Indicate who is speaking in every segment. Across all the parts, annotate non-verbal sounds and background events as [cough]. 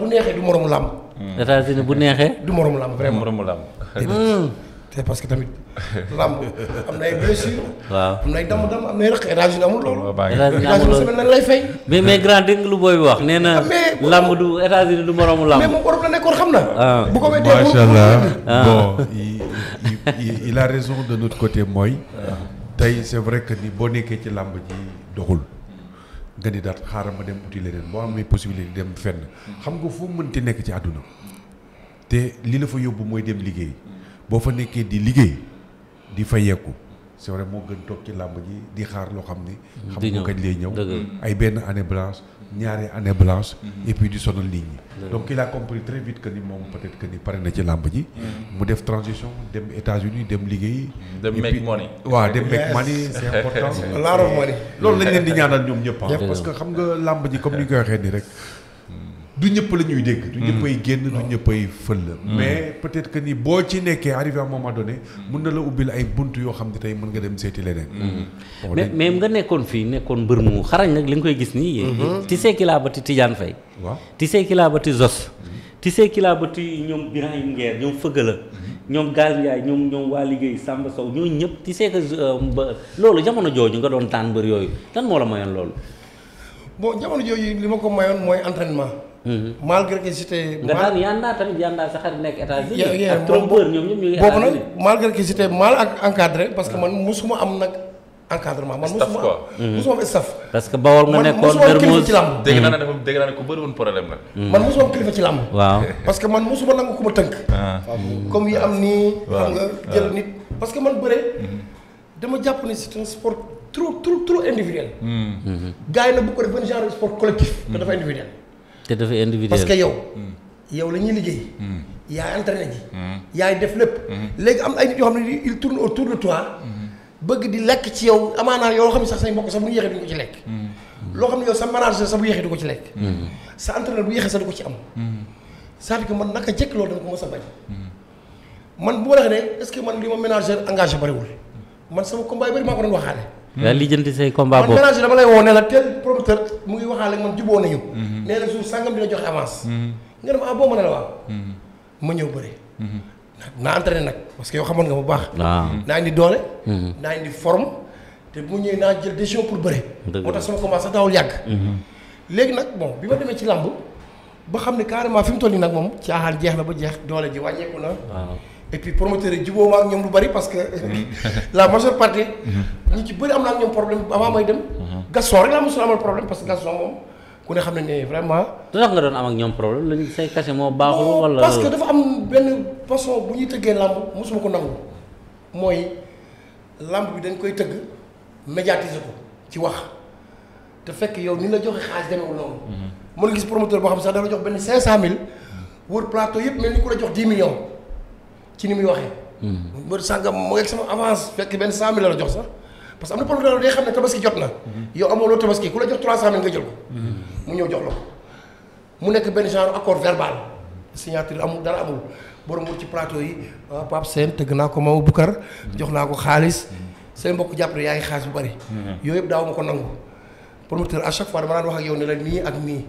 Speaker 1: bu neexee du moromu làmb. Hmm. états bu neexee. du moromu làmb vraiment moromu làmb. Hmm. te parce que tamit làmb am na ay blessure. waaw am loolu. États-Unis loolu semaine lañ
Speaker 2: lu booy wax nee na. Ah, du états du moromu làmb. mais
Speaker 1: moom Europe
Speaker 3: la ah. ah. raison de côté mooy. tey c'est vrai que ni boo nekkee ci làmb ji doxul. nga ni daal xaaral ma dem uti leneen boo amee possibilité dem fenn xam nga foo mënti nekk ci àdduna te lii la fa yóbbu mooy dem liggéey boo fa nekkee di liggéey di fayeeku c'est vrai moo gën toog ci làmb ji di xaar loo xam ni. xam nga kañ lay ñëw ay benn année blanche ñaari année blanche. Mm-hmm. et puis di sonal nit yi donc il a très vite que ni moom peut-être que ni pare na ci làmb ji. Mm-hmm. mu def transition dem États-Unis dem liggéey. dem make money. waaw dem make money c'est [laughs] important. loolu lañ leen di ñaanal ñoom ñëpp ah. parce que xam nga làmb ji comme ni ñu koy waxee nii rek. du ñëpp la ñuy dégg. du ñëppay génn du mm. ñëppay fël. Mm. mais peut-être que ni boo ci nekkee arrivé à un moment donné.
Speaker 2: mën na la ubbil ay bunt yoo xam ne tey mën nga dem seeti leneen. Mm. mais mais nga nekkoon fii nekkoon mbër mu xarañ nag li nga koy gis nii. Mm-hmm. Tissé Kilabati Tidiane Faye. waaw Tissé Kilabati Zos. Mm-hmm. Tissé Kilabati ñoom Birahim Nguer ñoom Fëgala. Mm-hmm. ñoom Gaal Ndiaye ñoom waa liggéey
Speaker 1: Samba Sow ñoo ñëpp Tissé que euh,
Speaker 2: loolu jamono jooju nga doon tànn mbër yooyu lan moo
Speaker 1: ma ko mayoon mooy Mm-hmm. malgré que j'étais. nga daan Yanda tamit Yanda sa xarit nekk États-Unis ak boobu nag malgré que j'étais mal encadré parce que ah. man musuma am nag encadrement. man musuma am mm-hmm. musuma parce que bawol nga nekkoon Mermoz man dégg naa ne dafa dégg naa ne ku bëri problème la. Mm-hmm. man musuma am kilifa ci làmb. [laughs] parce que man musuma nangu ku ma tënk. Ah. comme yi am nii. xam ah. nit parce que man bëre. dama jàpp ne si un sport trop trop trop individuel. gars yi nag bu ko def benn genre sport collectif. te dafa individuel.
Speaker 4: te dafa individuel parce que yow. Hmm.
Speaker 1: yow la ñuy liggéey. Hmm. yaay entraîné ji. Hmm. yaay def lépp. léegi am ay nit yoo xam ne il tourne autour de toi. bëgg di lekk ci yow amaanaa yoo xam ne sax say mbokk sax bu ñu yéexee duñ ci lekk. loo xam ne yow sa manager sax bu du ko ci lekk. sa entraîneur bu yéexee sax du ko ci am. c'est-à-dire man naka jëkk loolu dama ko mos a bañ. man bu ma la waxee est-ce que man li ma manager engagé bariwul man sama combat yi bari maa ko doon waxaale.
Speaker 2: yaa lijjanti say combat boobu man
Speaker 1: manager dama waxaale ak man juboo nañu. Mhm. nee na suuf sangam dina joxe avance. Mhm. nga dem ah boo mën a la mhm. ma ñëw bëre. naa entraîné nag parce que yow xamoon nga bu baax. naa indi doole. naa indi forme te bu ñëwee naa jël décision pour bëre. moo tax sama combat sax daawul yàgg. léegi nag bon bi ma demee ci làmb ba xam ne carrément fi mu toll nii nag moom caaxaan jeex la ba jeex doole ji wàññeeku na. et puis promoteur yi jubóo ma ak ñoom lu bari parce que. Mm-hmm. [laughs] la majeure partie. Mm-hmm. ñi ci bëri am na ak ñoom problème avant may dem. Mm-hmm. Gaston rek laa mosul amal problème parce que Gaston moom ku ne xam nañ ne vraiment.
Speaker 2: lu tax doon am ak ñoom problème lañ say kase moo baaxul. wala parce que dafa
Speaker 1: am benn façon bu ñuy tëggee làmb mosuma ko nangu mooy làmp bi dañ koy tëgg médiatiser ko ci wax te fekk yow ni la joxe xaalis demewul noonu. mën nga gis promoteur boo xam sax dana jox benn 500000 wër plateau yëpp mel ni ku la jox 10 millions. ci ni muy waxee. Hmm. mbër sàngam mu ngeeg sama avance fekk benn cent mille la jox sax parce que am na producteur day xam ne tabaski jot na. Hmm. yow amoo loo tabaski ku la jox trois cent mille nga jël ko. Hmm. mu ñëw jox la ko mu nekk benn genre accord verbal signature amul dara amul borom ci plateau yi waaw ah, Pape Sène tëgg naa ko Mamadou Boucar jox naa ko xaalis. say mbokk jàpp yaa ngi xaalis bari. yooyu yëpp daaw ma ko nangu. promoteur à chaque fois dama daan wax ak yow ne la nii ak nii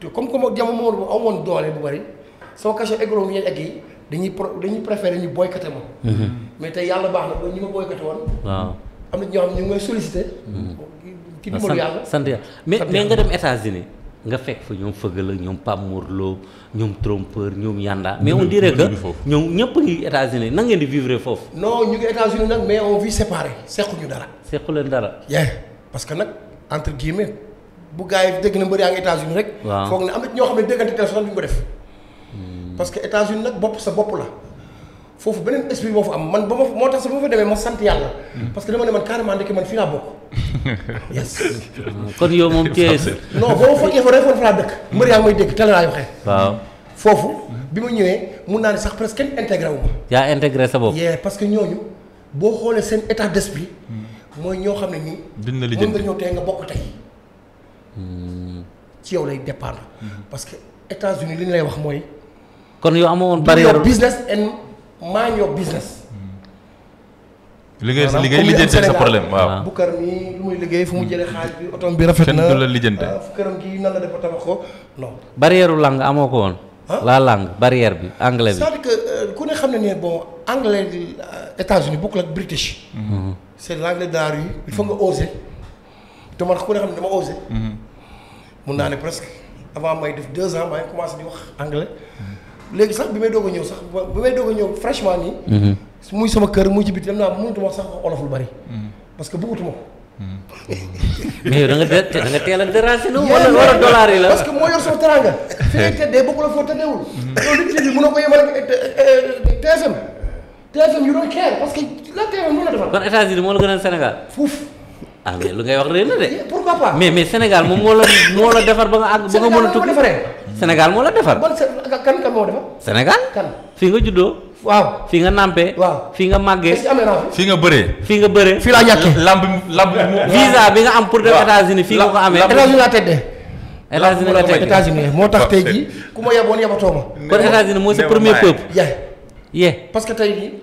Speaker 1: te comme que moom jamono moomu amoon doole bu bari. soo sama cachet économique yi ak yi dañuy pro dañuy préféré ñu boycotté ma. Mhm. mais tey yàlla baax na ba ñi ma boycotté woon. ñu ngi may sollicité. Mhm. ci dimbalu ah, yàlla sant
Speaker 2: mais mais dem États-Unis nga fekk fa ñoom fëgal la ñoom Pape Mor Lo ñoom trompeur ñoom Yanda. mais on dirait que ñoom ñëpp ngi États-Unis na ngeen di vivre foofu.
Speaker 1: non ñu ngi États-Unis nag mais on vit séparé sequñu dara. sequ leen dara. bien parce nag entre guillemets bu gars yi dégg na mbër waaw am na ñoo xam ne déggante téléphone duñ ko def. parce que États-Unis nag bopp sa bopp la foofu beneen esprit moo fa am man ba ma moo tax sa ba ma fa demee ma sant yàlla. parce que dama ne man carrément ndekki man fii laa bokk. [laughs] [laughs] dëkk. mbër yaa ngi may dégg tele laay foofu bi ma ñëwee mun naa ne sax presque kenn wu
Speaker 2: yaa integre sa bopp.
Speaker 1: yee parce que ñooñu boo xoolee seen état d'esprit. mooy ñoo xam ne nii. dinañ la lijjanti mën nga ñëw tey nga bokk tey. Hmm. ci yow lay dépendre. Hmm. parce que États-Unis li ñu lay wax mooy. kon yow amoo woon barrière business and mind your business.
Speaker 2: liggéey sa liggéey ah.
Speaker 1: bu kër muy liggéey fu mu hmm. jëlee xaalis
Speaker 4: bi oto bi rafet na kenn du la
Speaker 2: lijjante
Speaker 1: fu këram gi nan la def ko non.
Speaker 2: barrière langue amoo ko woon. la langue barrière bi anglais bi.
Speaker 1: cest que euh, ku ne xam ne ne boo anglais euh, États-Unis bokkul ak british. Mhm. c'est l'anglais de la rue il faut nga oser. te man ku ne xam ne dama oser. Mhm. mun naa ne presque avant may def deux ans maa ngi di wax anglais. Mhm. léegi sax bi may doog a ñëw sax bi may a ñëw franchement nii. Mhm. muy sama kër muy ci biti dem naa mënut wax sax olof lu bari. Mhm. parce que bëggutuma ko. Mhm. mais yow da nga da nga teel a déranger lu [laughs] la. parce que ak
Speaker 4: [laughs]
Speaker 1: foo teddeewul. loolu nit yu eh, eh, eh, doon care parce que la TFM mën na defar. kon
Speaker 2: États-Unis moo la gënal Sénégal. fuuf. ah lu ngay wax rëy na de. pourquoi pas mais mais Sénégal moom moo la moo la defar ba nga àgg ba nga mën a tukki. Sénégal moo la defar. Sénégal. kan fii nga juddoo. waaw fii nga nàmpee. waaw fii nga màggee. fii nga bëree. fii nga bëree. fii laa ñàkkee. lamb lamb visa bi nga am pour dem États-Unis fii nga ko amee. États-Unis laa tëddee. États-Unis moo tax tey jii
Speaker 1: ku ma yeboon yebatoo ma.
Speaker 2: kon États-Unis mooy sa premier peuple. yee
Speaker 1: parce que tey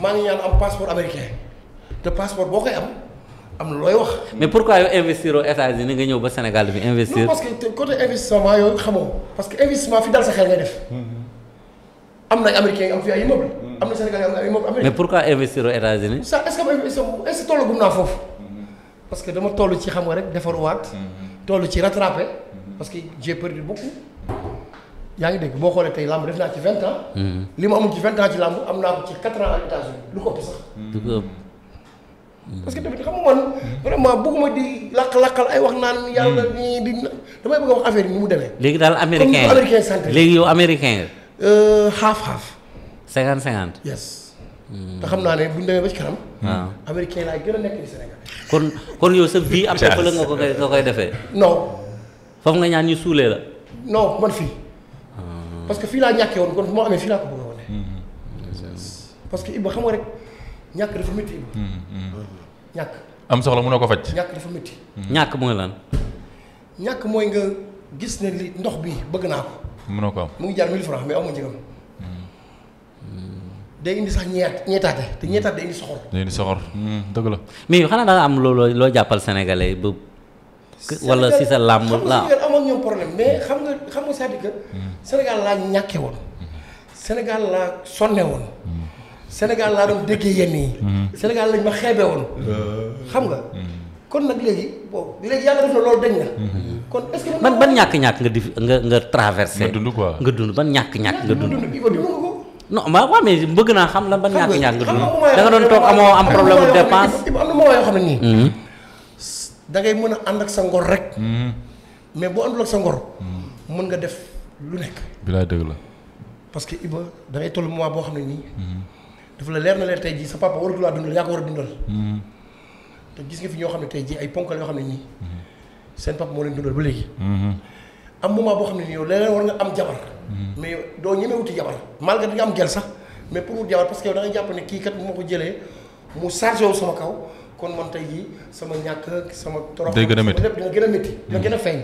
Speaker 1: maa ngi ñaan am passeport américain te passeport boo koy am am looy wax. mais pourquoi yow investir
Speaker 2: aux États-Unis nga ñëw ba Sénégal bi investir. non parce
Speaker 1: que côté investissement parce que investissement fi dal mm-hmm. am na ay américains yi am fi ay immeuble.
Speaker 2: am investir aux États-Unis
Speaker 1: ça est ce que ma investir est ce foofu. Mm-hmm. parce que dama toll ci xam nga rek defaruwaat. Mm-hmm. toll ci rattrapé. parce que j'ai perdu beaucoup. yaa ngi dégg boo xoolee tey làmb def naa ci vingt ans. li ma amul ci vingt ans ci làmb am naa ci quatre ans états lu ko ëpp
Speaker 2: sax.
Speaker 1: parce que tamit xam nga man vraiment bëgguma di lakk-lakkal ay wax naan yàlla hmm. nii di damay bëgg a wax affaire yi ni mu demee.
Speaker 2: léegi daal américain américain sant léegi yow américain la.
Speaker 1: Euh, half half. Hmm. xam naa ne bu ñu demee ah. laa gën a nekk di Sénégal.
Speaker 2: kon yow sa vie [laughs] après fële nga ko nga koy defee. non. foofu nga ñaan ñu suulee la.
Speaker 1: non man fii. Ah. parce que fii laa ñàkkee woon kon fu ma amee fii laa ko bëgg a wane. Hmm. parce que Iba xam nga rek. ñàkk dafa métti.
Speaker 2: ñàkk. am soxla mënoo ko faj. ñàkk ñàkk mooy lan.
Speaker 1: ñàkk mooy nga gis ne li ndox bi bëgg naa ko. mënoo ko am mu ngi jaar 1000 francs mais aw ma njëgam. day indi te ñeetaate day indi soxor.
Speaker 2: day indi hmm, am loo loo jàppal sénégalais ba. wala si sa làmb la
Speaker 1: Sénégal laa ñàkkee woon. Sénégal laa sonne woon. Hmm. Sénégal laa doon déggee yenn yi. Mhm. Sénégal lañ ma xeebe woon. Euh. xam nga. Mhm. kon nag léegi yàlla def na loolu dañ na. Mhm. kon est-ce que ban ban
Speaker 2: ñàkk-ñàkk nga di nga nga traversé. nga dund quoi nga dund ban ñàkk-ñàkk nga dund. non ma waaw mais bëgg naa xam la ban ñàkk-ñàkk nga dund. da doon toog amoo am problème dépense.
Speaker 1: am da ngay mën a ànd ak sa ngor rek. mais boo àndul ak sa ngor. mën nga def lu nekk. bilaay dëgg la. parce que Iba da ngay toll moment boo xam ne nii. dafa leer na leer tey jii sa papa war a dundal yaa ko war a dundal hmm. te gis nga fi ñoo xam ne tey jii ay ponkal yoo xam ne nii hmm. seen papa moo leen dundal ba léegi hmm. am moment boo xam ne nii yow leneen war nga am jabar mais yow doo ñemee wuti jabar malgré di am gel sax mais pour wut jabar parce que yow da nga jàpp ne kii kat bu ma ko jëlee mu chargé sama kaw kon man tey jii sama ñàkk sama torox lépp dina gën a métti dina gën a feeñ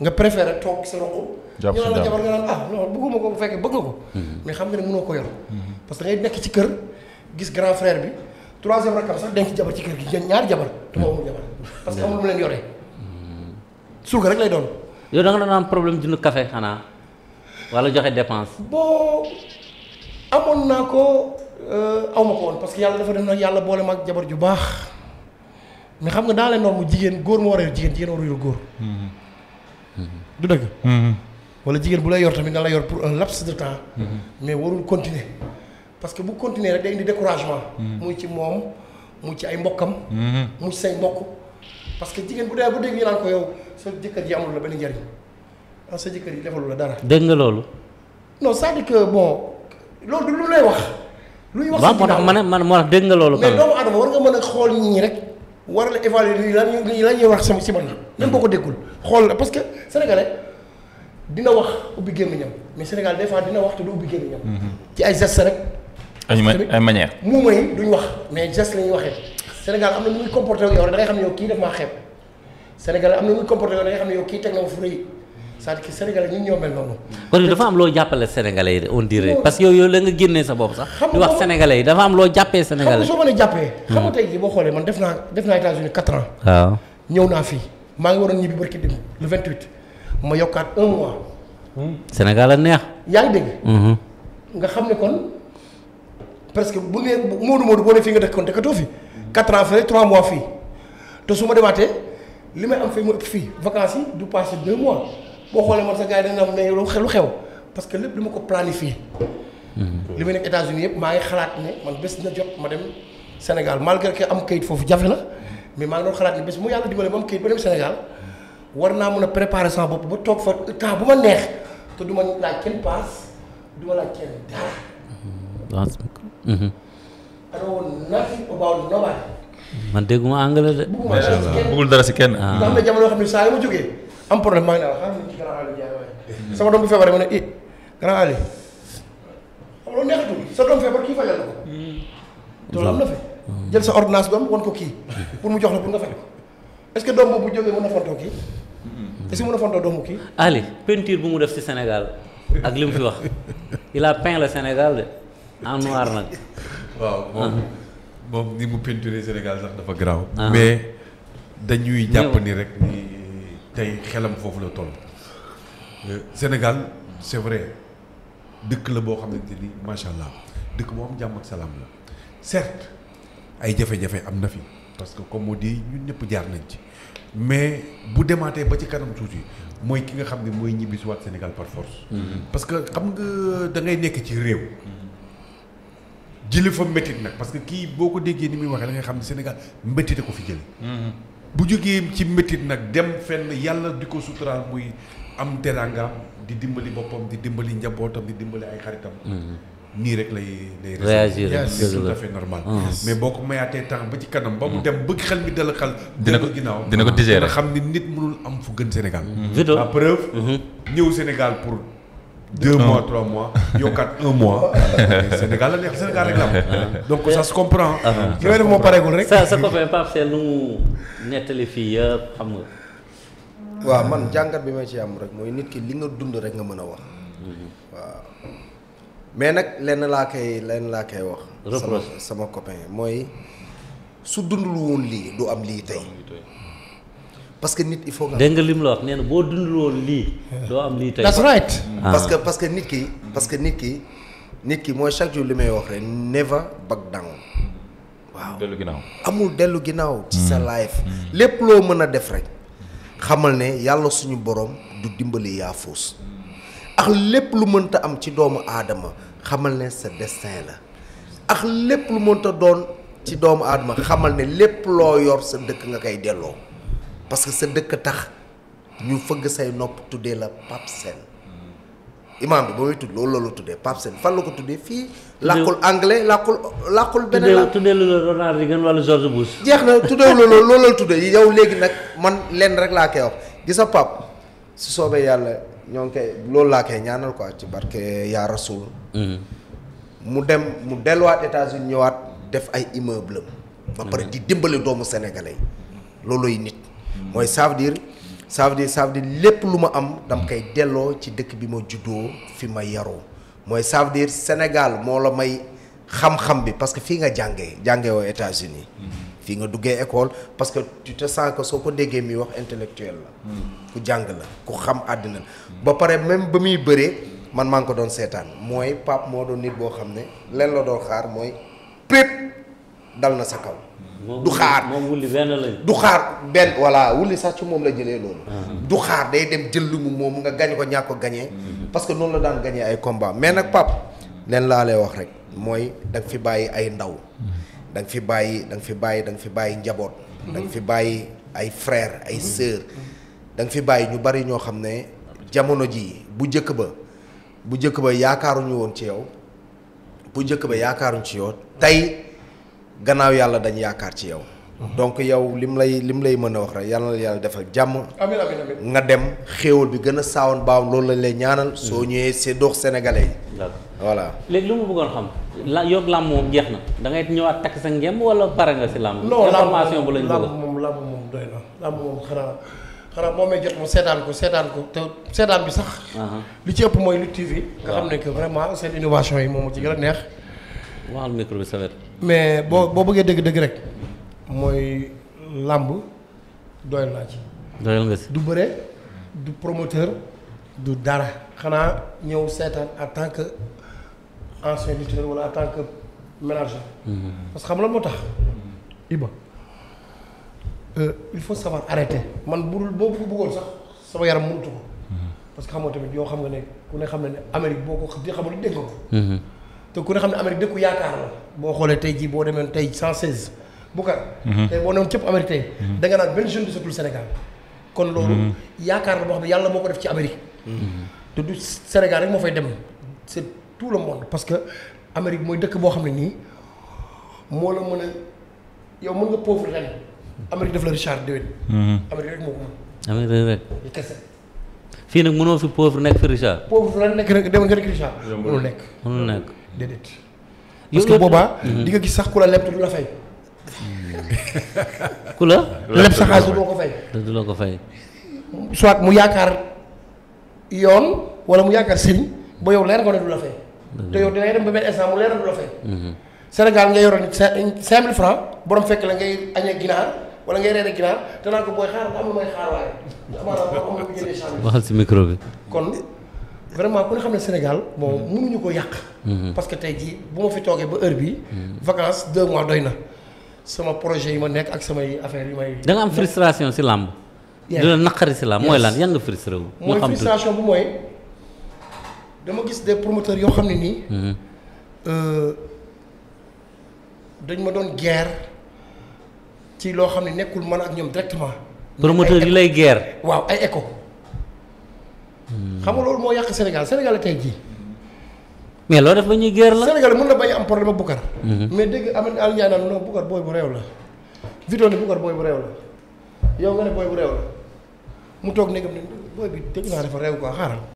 Speaker 1: nga préféré toog sa roq. jàpp ñu naan la jabar nga naan ah bëgguma ko bu fekkee bëgg nga ko. Mhm. mais xam nga ne mënoo ko yor. Mhm. parce que da nekk ci kër gis grand frère bi troisième rakam sax denc jabar ci kër gi jën ñaari jabar. te moo mhm. parce que amul lu leen yoree. surga doon.
Speaker 2: yow da nga doon am problème jënd café xanaa wala joxe dépense.
Speaker 1: boo amoon naa ko euh, aw ma ko woon parce que yàlla dafa def nag yàlla boole ma ak jabar ju baax mais xam nga dans les normes jigéen góor moo war a jigéen jigéen war yu góor. du dëgg. Mm-hmm. wala jigéen bu lay yor tamit na la yor pour un laps de temps. Mm-hmm. mais warul continuer parce que bu continuer rek day indi découragement. Mm-hmm. muy ci moom mu ci ay mbokkam. mu ci mbokk. parce que jigéen bu dee bu dégg ñu naan ko yow sa jëkkër ji amul la benn njariñ ah sa jëkkër ji defalu la dara.
Speaker 2: dégg nga loolu.
Speaker 1: non cest à que bon loolu lu lay wax. lu ñu wax waaw moo tax
Speaker 2: ma man moo tax dégg nga loolu. mais doomu
Speaker 1: aadama war nga mën a xool nit ñi rek war la évaluer lii lan ñuy lan ñuy si man. même boo ko déggul. xool na parce que sénégalais dina wax ubbi gémmiñam mais Sénégal des fois dina wax te du ubbi gémmiñam mhm. ci ay gestes rek.
Speaker 2: ay manière
Speaker 1: mouvement yi duñ wax mais geste la ñuy waxee. Sénégal am na nu muy comporté ak da ngay xam ne yow kii daf maa xeeb Sénégal am na nu muy comporté yow kii teg na ma fu rëy c'est-à-dire que sénégalais mel noonu.
Speaker 2: kon dafa am loo jàppale sénégalais yi on dirait parce que yow yow la nga génnee sa bopp sax. di wax sénégalais yi dafa am loo jàppee sénégalais. xam nga soo mën a jàppee. xam nga hmm.
Speaker 1: tey jii boo xoolee man def naa def naa États-Unis quatre ans. ñëw naa fii maa ngi war waroon ñibbi barki dem le 28 ma yokkaat un mois.
Speaker 2: Hmm. Sénégal a neex.
Speaker 1: yaa ngi dégg. Hmm. nga xam ne kon parce presque bu nee Moodu Moodu boo ne fii nga dëkk kon dëkkatoo fi. 4 ans fële mois fii te su ma demaatee li may am fii mu ëpp fii vacances yi du passé 2 mois boo xoolee man sa gars yi dañu am ne lu xew parce que lépp lu ma ko planifié. Hmm. li may nekk États-Unis yëpp maa ngi xalaat ne man bés na jot ma dem Sénégal malgré que am kayit foofu jafe na. mais maa ngi xalaat ni bés mu yàlla dimbale ba am kayit ba dem Sénégal war naa a préparer ma neex te du ma laaj kenn paas kenn dara.
Speaker 2: Mhm. anglais de. macha dara si kenn. waaw ah. am na
Speaker 1: jamono xam ne saa yu ma jógee am problème maa ngi naan xam sama doom bu feebaree ma ne eh grand Aliou. xam nga kii fajal na ko. Mm. jël sa ordonnance doom wan ko kii pour mu jox la pour nga faj ko est que doom boobu bu jógee mën a fontoo kii est-ce que mën a fontoo doomu kii
Speaker 2: Ali peinture bu mu def si Sénégal ak li mu fi wax il a peint le Sénégal de en noir nag waaw moom ni mu peinturé Sénégal sax dafa garaaw ah. mais
Speaker 3: dañuy jàpp rek ni tey xelam foofu la toll euh, Sénégal c'est dëkk la boo xamante ni macha allah dëkk boo am jàmm ak salaam la ay jafe-jafe am na fi parce que comme on dit ñun ñëpp jaar nañ ci mais bu demaatee ba ci kanam tuuti mooy ki nga xam ne mooy ñibbi suwaat Sénégal par force. Mm-hmm. parce que xam nga da ngay nekk ci réew. jëli fa métit nag parce que kii boo ko déggee ni muy waxee da xam ni Sénégal méttite ko fi jëlee. Mm-hmm. bu jógee ci métit nag dem fenn yàlla di ko suturaal muy am teraangaam di dimbali boppam di dimbali njabootam di dimbali ay xaritam. Mm-hmm. nii rek lay lay réagir c'est tout à fait normal ah. mais boo ko mayaatee tax ba ci kanam ba mu mm. dem bëgg xel mi dal xel dina ko ginnaaw dina ko digérer xam ne nit mënul am fu gën Sénégal mm-hmm. la preuve mm-hmm. ñëw Sénégal pour deux mois trois mois yokkaat un [laughs] la neex Sénégal rek la ma ah. donc ça comprend
Speaker 2: ñooy ah. moo pareegul rek sa sa copain Pape Sène mu nettali fii yëpp xam nga
Speaker 4: waaw man jàngat bi ma ci am rek mooy nit ki li nga dund rek nga mën a wax mm-hmm. waaw mais nag lenn laa koy lenn laa koy wax. sama sama mooy su dundul woon lii du am lii tey. parce que nit il faut nga. dégg
Speaker 2: nee na boo dundul
Speaker 4: lii. doo am lii tey ah. que parce que nit ki parce que nit ki nit ki mooy chaque jour li may wax rek never back down. waaw amul dellu ginnaaw. ci sa mm. life. Mm. lépp loo mën a def rek. xamal ne yàlla suñu borom du dimbali yaa foos. lépp lu mënta am ci doomu aadama. xamal ne sa destin la ak lépp lu mënta doon ci doomu aadama xamal ne lépp loo yor sa dëkk nga koy delloo parce que sa dëkk tax ñu fëgg say nopp tuddee la Pape Sène imaam bi ba muy tudd loolu la tuddee Pape Sène fan la ko tuddee fii. làkkul anglais làkkul làkkul beneen la tuddee
Speaker 2: tuddee Ronald Reagan wala George Bush. jeex na tuddee loolu loolu
Speaker 4: la tuddee yow léegi nag man lenn rek laa koy wax gis nga su soobee yàlla. ñoo ngi koy loolu laa koy ñaanal ko quoi ci barke yaa rasul mhm. mu dem mu delluwaat États-Unis ñëwaat def ay immeuble ba pare mhm. di dimbali doomu sénégalais yi nit mooy ça veut dire ça veut dire lépp lu ma am dam koy delloo ci dëkk bi ma juddoo fi ma yaroo mooy ça Sénégal moo la may xam-xam bi parce que fii nga jànge jàngee woo États-Unis mhm. fii nga duggee école parce que tu te soo ko déggee mii wax intellectuel la. Hmm. ku jàng la ku xam àddina la. ba pare même ba muy bëree man maa ngi ko doon seetaan mooy pap moo doon nit boo xam ne leen la doon xaar mooy pépp dal na sa kaw. du xaar moom wulli benn lañ du xaar benn voilà wulli sax ci moom la jëlee loolu. Ah. du xaar day dem jël lu mu moom nga gañ ko ñàkk gañe gañee. Hmm. parce que noonu la daan gañee ay combat mais nag Pape leen laa lay wax rek mooy danga fi bàyyi ay ndaw. Hmm. danga fi bàyyi danga fi bàyyi da nga fi bàyyi njaboot. danga fi bàyyi ay frère ay sœur. da nga fi bàyyi ñu bari ñoo xam ne jamono jii bu njëkk ba bu njëkk ba yaakaaruñu woon ci yow bu njëkk ba yaakaaruñ ci yow tey gannaaw yàlla dañu yaakaar ci yow. donc yow li mu lay mu lay mën a wax rek yàlla na yàlla defal jàmm. amiin amiin nga dem xéewal bi gën a saawoon baawam loolu lañ lay ñaanal. soo mm-hmm. ñëwee seddoo dox sénégalais yi. voilà
Speaker 2: léegi lu mu bëggoon xam. la yokk làmb moom jeex na. da ñëwaat takk sa ngemb wala pare nga si làmb. information bu lañ moom
Speaker 1: la moom doy na làmb moom xanaa xanaa moom may seetaan ko seetaan ko te seetaan bi sax. li ci ëpp mooy Lutte TV. nga xam ne que vraiment seen innovation yi moom ci gën a neex.
Speaker 2: waxal micro bi sa wet
Speaker 1: mais boo boo bëggee dëgg dëgg rek mooy làmb doyal naa ci. doyal nga si du bëre du promoteur du dara. xanaa ñëw seetaan en tant que ancien lutteur wala en tant que manager. Mm-hmm. parce que xam la moo tax. Iba euh, il faut savoir arrêter man bu dul boo bëggoon sax sama yaram mënatu ko. Mm-hmm. parce que xam tamit yoo xam nga ne ku ne xam ne ne Amérique boo ko xamul dégg nga ko. Mm-hmm. te ku ne xam ne Amérique dëkku yaakaar la. boo xoolee tey jii boo demee tey 116. Boucar. Mhm. tey boo newoon cëpp Amérique tey. Mhm. da nga naan benn jeune du Sénégal. kon loolu mhm. yaakaar la boo xam ne yàlla moo ko def ci Amérique. te du Sénégal rek moo fay dem c'est tout le monde parce que Amérique mooy dëkk boo xam ne nii moo la mën a yow mën nga pauvre ren Amérique def la Richard déwén. Amérique rek moo ko mën.
Speaker 2: Amérique rek rek. kese. fii nag mënoo fi pauvre nekk fi Richard.
Speaker 1: pauvre la nekk rek dem nga rek Richard. mënul nekk mënul nekk. déedéet. parce boobaa. di nga gis sax ku la leb te du Hmm. [laughs] ku la. leb sa
Speaker 2: du loo ko fay.
Speaker 1: du soit mu yaakaar yoon wala mu yaakaar sëriñ ba yow leer nga ne du la fay. te yow dangay dem ba benn instant mu hmm. borom fekk la ngay a ginaar wala ngay reere ginaar te naa ko booy xaar am na may xaar waaye. maanaam am xam ne Sénégal bon hmm. mënuñu ko yàq. parce que tey jii bu ma fi toogee ba heure bi vacances deux mois doy na. sama projet yi ma nekk ak samay affaire yi may. da nga am
Speaker 2: frustration si làmb. di la naqari si làmb mooy lan yan nga frustré wu. mooy frustration
Speaker 1: bu mooy dama gis des promoteurs yoo xam ne nii. Mhm. Euh, dañ ma doon guerre ci loo xam ne nekkul man ak ñoom directement.
Speaker 2: promoteur yi lay guerre.
Speaker 1: waaw ay écho. Hmm. xam nga loolu moo yàq Sénégal Sénégal tey jii.
Speaker 2: mais loo def ba ñuy géer la. Sénégal mën
Speaker 1: na bañ am problème ak Boucar. Mhm. mais dégg Amady Aliou Ndiaye naan booy bu réew la. Vito ne Boucar booy bu réew la yow nga ne booy bu réew la mu toog néegam ne booy bi dégg naa dafa réew quoi xaaral.